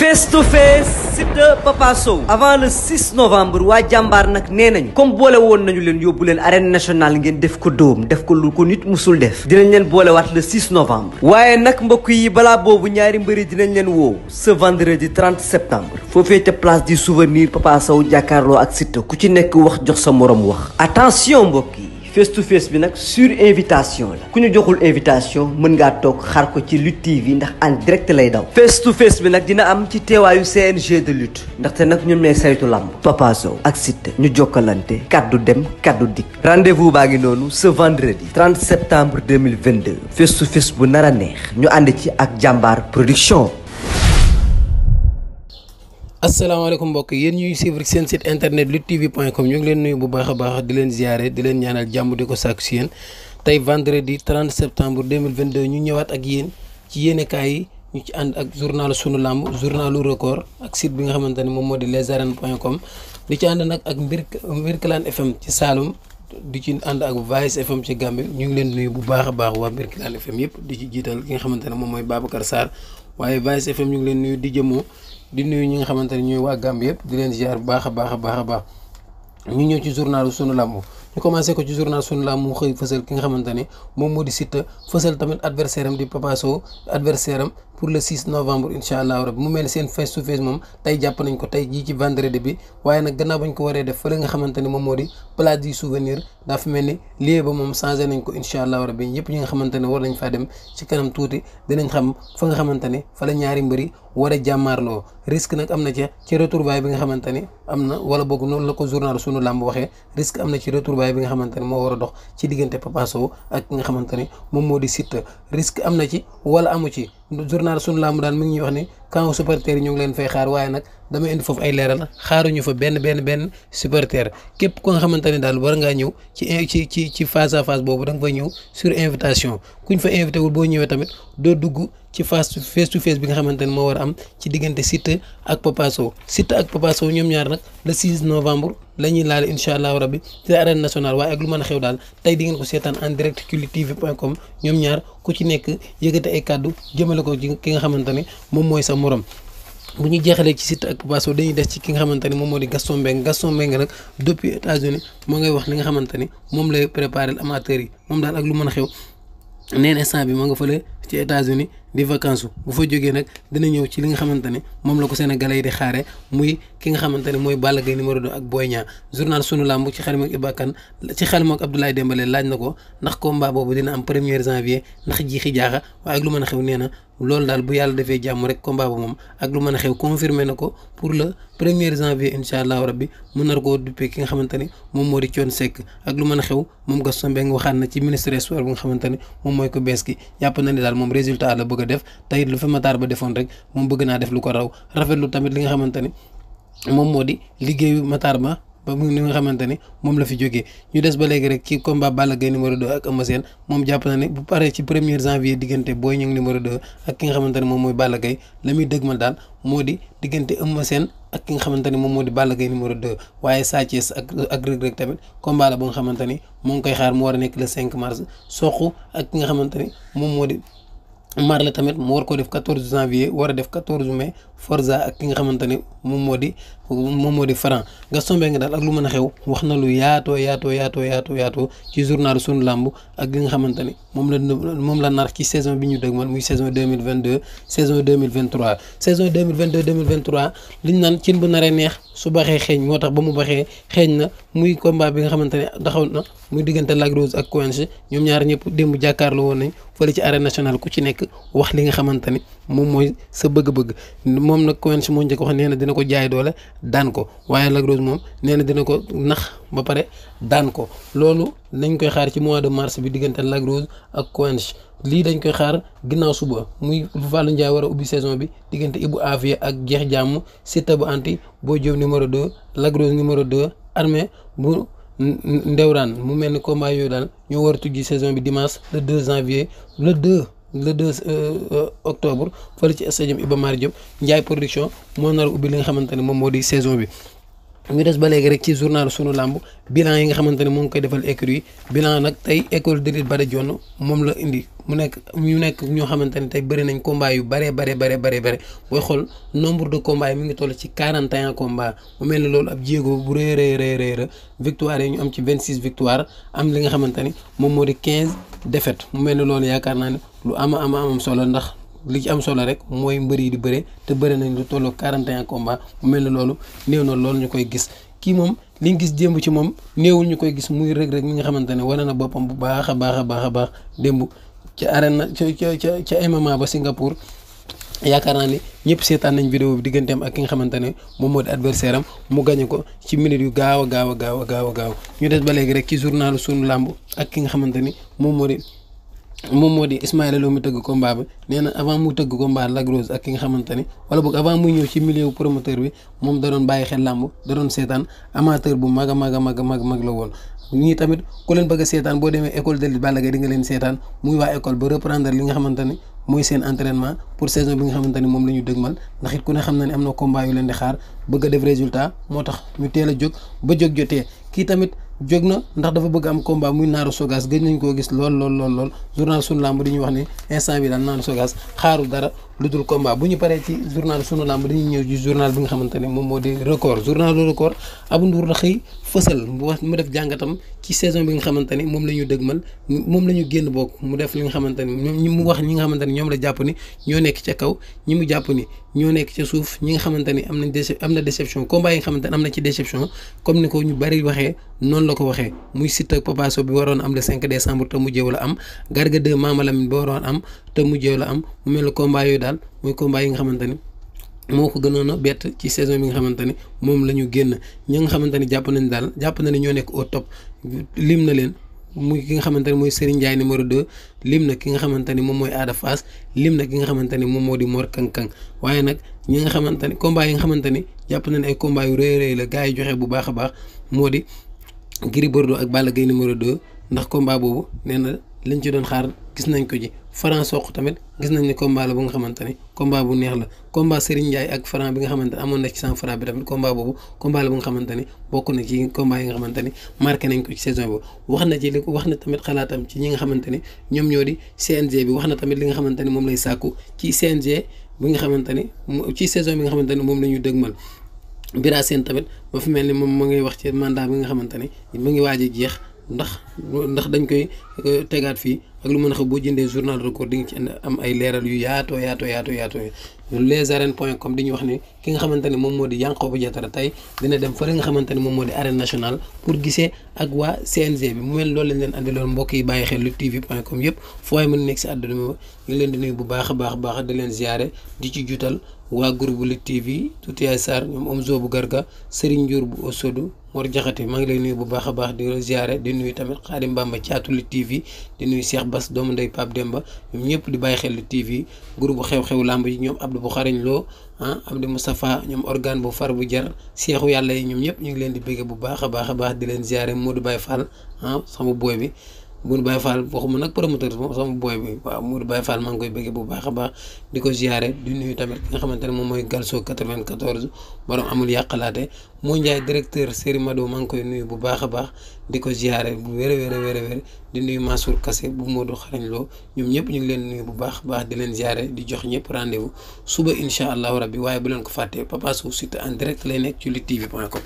face to face Siteu Papa Sow avant le 6 novembre waa jàmbaar nag nee nañu comme boole woon nañu leen yóbbu leen arène nationale ngeen def ko dóom def ko lu ko nit musul def dinañ leen boolewaat le 6 novembre waaye nag mbokk yi balaa boobu ñaari mbëri dinañ leen woo ce vendredi 30 septembre foofee ca place du souvenir Papa Sow jàkkaarloo ak Siteu ku ci nekk wax jox sa morom wax attention mbokk yi face to face bi nag sur invitation la ku ñu joxul invitation mën ngaa toog xar ko ci Lutte TV ndax en direct lay daw face to face bi nag dina am ci teewaayu CNG de lutte ndaxte nag ñun ñooy saytu làmb Papa Sow ak Siteu ñu jokkalante kaddu dem kaddu dikk rendez-vous baa ngi noonu ce vendredi 30 septembre 2022 face to face bu nara a neex ñu ànd ci ak jàmbaar production asalaamaaleykum mbokk yéen ñuy suivre seen site internet luttetv.com ñu ngi leen nuyu bu baax a baax di leen ziare di leen ñaanal jàmm di ko sàkku si yéen tey vendredi 30 septembre 2022 ñu ñëwaat ak yéen ci yéenekaay ñu ci ànd ak journalu sunu làmb journalu record ak site bi nga xamante ne moom moo di les lesarènes.com di ci ànd nag ak mbir Mbirkilaan FM ci Saloum di ci ànd ak Vice FM ci Gambie ñu ngi leen nuyu bu baax a baax waa Mbirkilaan FM yëpp di ci jiital ki nga xamante ne moom mooy Babacar waaye Vice FM ñu ngi leen nuyu di jëmoo. di nuyu ñi nga xamante ne ñooy waa gàmm yëpp di leen ziar bu baax a baax a baax a ñu ñëw ci journalu sunu làmb ñu commencé ko ci journal suñu làmb mu xëy fësal ki nga xamante ne moom moo di Siteu fësal tamit adversaire am di Papa Sow adversaire pour le 6 novembre incha allah rabbi mu mel seen face to face moom tey jàpp nañ ko tey jii ci vendredi bi waaye nag gannaaw bañ ko waree def fële nga xamante ne moom moo di place mel ni lieu moom changé nañ ko incha allah rabbi ñëpp ñi nga xamante ne war nañ faa dem ci kanam tuuti dinañ xam fa nga xamante ne fa la ñaari mbëri war a jàmmaarloo risque nag am na ci ci retrouvaille bi nga xamante ni am na wala boog noonu la ko journal sunu làmb waxee risque am na ci retrouvaille bi nga xamante ne moo war a dox ci diggante Papa nga xamante ne moom moo di Siteu risque am na ci wala amu ci journal sunu làmb daal mi ngi ñuy wax ne camp supporter yi ñu ngi leen fay xaar waaye nag dama indi foofu ay leeral xaaruñu fa benn benn benn supporter képp ko nga xamante ne daal war ngaa ñëw ci ci ci ci face boobu da nga fa ñëw sur invitation kuñ fa invité wul boo ñëwee tamit doo dugg ci face face to bi nga xamante ne moo war a am ci diggante Siteu ak Papa Sow Siteu ak Papa la ñuy la arène nationale lu mën a xew daal tey di ngeen ko seetaan en direct cultv.com ñoom ñaar ku moom mooy sa morom bu ñu jeexalee ci Siteu ak Papa dañuy des ci ki nga xamante ni moom moo di Gaston Mbengue Gaston Mbengue nag depuis États-Unis moo ngay wax li nga xamante ni moom lay préparé amateur yi moom daal ak lu mën a xew neen instant bi moo nga fële ci États-Unis di vacance bu fa jógee nag dina ñëw ci li nga xamante ne moom la ko sénégalais yi di xaare muy ki nga xamante ne mooy Balla Gaye numéro ak Boy Niang sunu lamb ci xalim ak Iba Kane ci xalim ak Abdoulaye Dembélé laaj na ko ndax combat boobu dina am premier janvier ndax jiixi jaaxa waaye lu mën a xew nee na loolu daal bu yàlla defee jàmm rek combat bu moom ak a xew confirmé na ko pour le premier janvier incha allahu rabbi mu nar koo duppee ki nga xamante ne moom moo di Thione Seck ak lu mën a moom Gaston Mbengue waxaan ci ministre sport bi nga ne moom mooy ko bees gi jàpp na ne daal moom résultat la bëgg a def tey lu fi Matar Ba defoon rek moom bëgg naa def lu ko raw rafetlu tamit li nga xamante moom moo di liggéeyu Matar Ba ba mu ni moom la fi jógee ñu des ba léegi rek ci combat Balla Gaye numéro 2 ak Eumeu Sène na ne bu paree ci premier janvier diggante Boy Niang numéro 2 ne moom mooy Balla Gaye la muy moo di diggante Eumeu Sène ki nga xamante ni moom moo di Balla Gaye numéro 2 waaye Sa Thiès ak ak Reug Reug tamit combat la ba nga xamante ni moo ngi koy xaar mu war a nekk le 5 mars soq ak nga xamante moom moo di maar la tamit mu war ko def 14 janvier war a def 14 mai Forza ak ki nga xamante ne moom moo di moom moo di Franc Gaston Mbengue daal ak lu mën a xew wax na lu yaato yaato yaato yaatoo yaatoo ci journal sunu làmb ak gi nga xamante ni moom la moom la nar ci saison bi ñu dëgmal muy saison 2022 saison 2023 saison 2022 2023 liñ naan cin bu naree neex su baxee xeeñ moo tax ba mu baxee xeeñ na muy combat bi nga xamante ne taxaw na muy diggante Lac Rose ak Quench ñaar ñëpp démb jàkkaarloo woon nañ fële ci arène nationale ku ci nekk wax li nga xamante ni moom mooy sa bëgg-bëgg moom nag Quench moo njëkk wax nee na dina ko jaay doole daan ko waaye Lac moom nee na dina ko nax ba pare daan ko loolu dañ koy xaar ci mois de mars bi diggante Lac Rose ak Quench lii dañ koy xaar ginnaaw suba muy Fallou Ndiaye war ubbi saison bi diggante Ibou Afia ak jeex jàmm Siteu bu anti boo Diop numéro 2 Lac numéro 2 armée bu ndewraan mu mel ni combat yooyu daal ñoo war a tujji saison bi dimanche le 2 janvier le 2 le 2 euh, euh, octobre fële ci stadium Iba Mar jëpp Ndiaye production moo nar a ubbi li nga xamante ne moom moo di saison bi. ñu des ba léegi rek ci journal sunu làmb bilan yi nga xamante ne moo ngi koy defal écurie bilan nag tey école de lutte Bada moom la indi mu nekk ñu nekk ñoo xamante ne tey bëri nañ combat yu bare bare bare bare bare booy xool nombre de combats mi ngi toll ci 41 combats mu mel ne loolu ab jéego bu rëy rëy rëy rëy ñu am ci 26 victoire am li nga xamante ni moom moo di 15 défaites mu mel ne loolu yaakaar naa ni lu ama ama amam solo ndax li ci am solo rek mooy mbër yi di bëre te bëre nañ lu tolloo 41 combat mu mel ne loolu néew na loolu ñu koy gis kii moom liñ gis démb ci moom néewul ñu koy gis muy rëg-rëg mi nga xamante ne wane na boppam bu baax a baax a baax a baax démb ci arène ca ca ca MMA ba Singapour yaakaar naa ni ñëpp seetaan nañ vidéo bi digganteem ak ki nga xamante ne moom moo di adversaire am mu gañe ko ci minute yu gaaw a gaaw a gaaw a gaaw gaaw ñu des ba léegi rek ci journalu sunu làmb ak ki nga xamante ni moom moo moom moo di Ismaïla Lo mi tëgg combat bi nee na avant mu tëgg combat Lac Rose ak ki nga xamante ni wala boog avant muy ñëw ci milieu promoteur bi moom da doon bàyyi xel làmb da doon seetaan amateur bu mag a mag a mag mag mag la woon. ñii tamit ku leen bëgg a seetaan boo demee école de lutte Balla di nga leen seetaan muy waa école ba reprendre li nga xamante ni mooy seen entraînement pour saison bi nga xamante ni moom la ñu dëgmal ndax it ku ne xam na ne am na combat leen di xaar bëgg a résultat moo tax ñu teel a jóg ba jóg jotee kii tamit. jóg na ndax dafa bëgg am combat muy naaru sogaas gën nañ koo gis lool lool lool lool journal sunu lamb di ñu wax ni instant bi daal naaru sogaas xaaru dara lu dul combat bu ñu paree ci journal sunu làmb dañuy ñëw ci journal bi nga xamante ne moom moo di record journal record Abou Ndour la xëy fësal mu def jàngatam ci saison bi nga xamante ne moom la ñu dëgmal moom la ñu génn bokk mu def li nga xamante ne ñoom ñi mu wax ñi nga xamante ne ñoom la jàpp ni ñoo nekk ca kaw ñi mu jàpp ni ñoo nekk ca suuf ñi nga xamante ni am nañ déce am na déception combat yi nga am na ci déception comme ni ko ñu bari waxee noonu la ko waxee muy Siteu ak Papa bi waroon am le 5 décembre te mujjee wala am Garga 2 Mama Lamine am te mujjee la am mu mel ne combat mooy combat yi nga xamante ni moo ko gënoon a bett ci saison bi nga xamante ni moom la ñu génn ñi nga xamante ni jàpp nañ daal jàpp na ne ñoo nekk au top lim na leen. muy ki nga xamante ne mooy Serigne Ndiaye numéro 2 lim na ki nga xamante ni moom mooy Ada Fass lim na ki nga xamante ni moom moo di Mor Kankang waaye nag ñi nga xamante ni combat yi nga xamante ni jàpp nañ ay combat yu rëy rëy la gars yi joxe bu baax a baax moo di Gris Bordeaux ak Balla Gaye numéro 2 ndax combat boobu nee na liñ ci doon xaar gis nañ ko ji Franc Sokh tamit gis nañ ne combat la bu nga xamante ne combat bu neex la combat Serigne Ndiaye ak Franc bi nga xamante ne amoon na ci sans Franc bi tamit combat boobu combat la bokk na ci combat yi ne marqué nañ ko ci saison boobu wax na na tamit xalaatam ci ñi nga xamante ne ñoom ñoo di CNG bi wax na tamit li nga xamante ne moom lay sàkku ci CNG bi nga xamante ne ci saison bi nga xamante ne moom la ñu dëgmal Bira Sène tamit ba fi mel ni moom mu ngi wax ci mandat bi nga xamante ne mu ngi waaj a jeex ndax ndax dañ koy euh, tegaat fii ak lu mën a xew boo jëndee journal record di nga ci am ay leeral yu yaatoo yaatoo yaatoo yaatoo les arènes point com di ñu wax ne ki nga xamante ne moom moo di Yankhoba Diattara tey dina dem fële nga xamante ne moom moo di arène nationale pour gisee ak waa CNG bi mu mel loolu lañ leen andi loolu mbokk yi bàyyi xel lu tv point com yëpp fooy mën nekk si àdduna bi ngi leen di nuyu bu baax a baax baax di leen ziare di ci jutal waa groupe Lutte TV Toutiya Sarr ñoom Omzo bu Garga Serigne Ndiour bu Osodu Mor Jaxate maa ngi lay nuyu bu baax a baax di la ziare di nuyu tamit Xaadim Bamba caatu Lutte TV di nuyu Cheikh Bass doomu ndey Pape Demba ñoom ñëpp di bàyyi xel Lutte TV groupe xew-xew làmb yi ñoom Abdou bu xarañ loo ah Abdou Moustapha ñoom organ bu far bu jar seexu yàlla yi ñoom ñëpp ñu ngi leen di bëgge bu baax a baax a baax di leen ziare Modou Baye Fall ah sama booy bi Mourou Baye Fall waxuma nag promoteur moom sama booy bi waaw Mourou Baye Fall maa koy bëggee bu baax a baax di ko ziare di nuyu tamit ki nga xamante ne moom mooy Galso 94 borom amul yàqalaate moo Ndiaye directeur Serigne Mado maa ngi koy nuyu bu baax a baax di ko ziare bu wér a wér a wér di nuyu Mansour kase bu Modou Xarañ Lo ñoom ñëpp ñu ngi leen nuyu bu baax a baax di leen ziare di jox ñëpp rendez-vous suba incha allahu rabbi waaye bu leen ko fàttee Papa Sow site en lay nekk ci luttetv.com.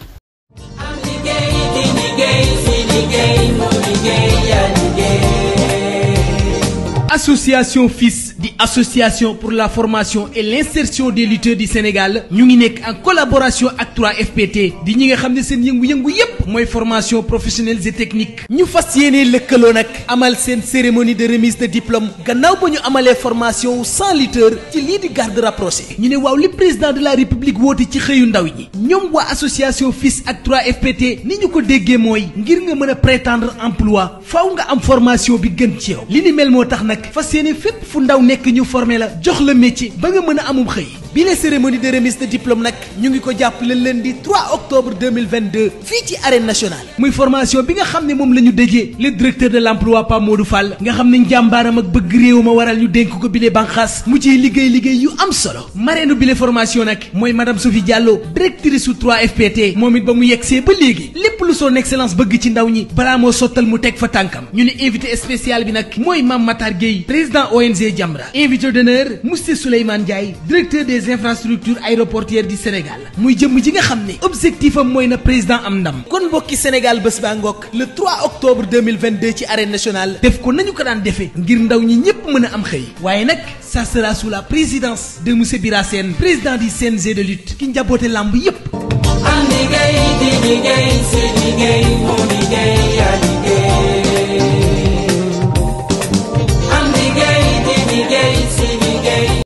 association FILS di association pour la formation et l'insertion des lutteurs du Sénégal ñu ngi nekk en collaboration ak trois fpt di ñi nga xam ne seen yëngu-yëngu yépp mooy formation professionnelle et technique ñu fas yéene lëkkaloo nag amal seen cérémonie de remise de diplôme gannaaw ba ñu amalee formation wu 100 lutteurs ci lii di garde rapprochée ñu ne waaw li président de la république woote ci xëyu ndaw ñi ñoom waa association FILS ak 3 ni ñu ko déggee mooy ngir nga mën a prétendre emploi faaw nga am formation bi gën ci yow mel moo tax nag fas yéene fépp fu ndaw nekk ñu formé la jox la métier ba nga mën a amum xëy bi la cérémonie de remise de diplôme nag ñu ngi ko jàpp le leen 3 octobre 2022 fii ci arène nationale muy formation bi nga xam ne moom la ñu déjee le directeur de l'emploi Pape Modou Fall nga xam ne njàmbaaram ak bëgg réew ma waral ñu dénk ko bile banqaas mu ci liggéey liggéey yu am solo mareenu bile formation nag mooy madame Sophie Diallo directrice su 3FPT moom it ba mu yegsee ba léegi lépp lu son excellence bëgg ci ndaw ñi balaa moo sottal mu teg fa tànkam ñu ne invité spécial bi nag mooy Mame Matar Gueye président ONG Jamra invité d'honneur monsieur Souleymane Ndiaye directeur des infrastructures aéroportuaires du Sénégal mooy jëm ji nga xam ne objectif am mooy na président am ndam kon mbokki Sénégal bés baa ngoog le 3 octobre 2022 ci arène nationale def ko nañu ko daan defee ngir ndaw ñi ñépp mën a am xëy waaye nag ça la présidence de monsieur Bira Sène président du CNG de lutte ki njaboote làmb yépp am liggéey di liggéey